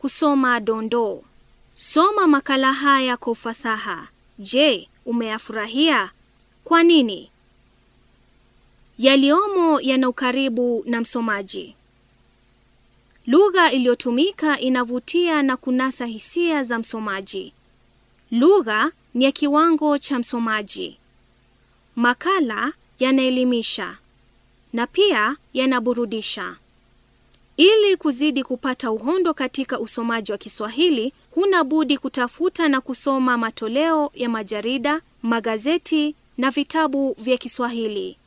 Kusoma dondoo. Soma makala haya kwa ufasaha. Je, umeyafurahia? Kwa nini? Yaliyomo yana ukaribu na msomaji. Lugha iliyotumika inavutia na kunasa hisia za msomaji. Lugha ni ya kiwango cha msomaji. Makala yanaelimisha na pia yanaburudisha. Ili kuzidi kupata uhondo katika usomaji wa Kiswahili, huna budi kutafuta na kusoma matoleo ya majarida, magazeti na vitabu vya Kiswahili.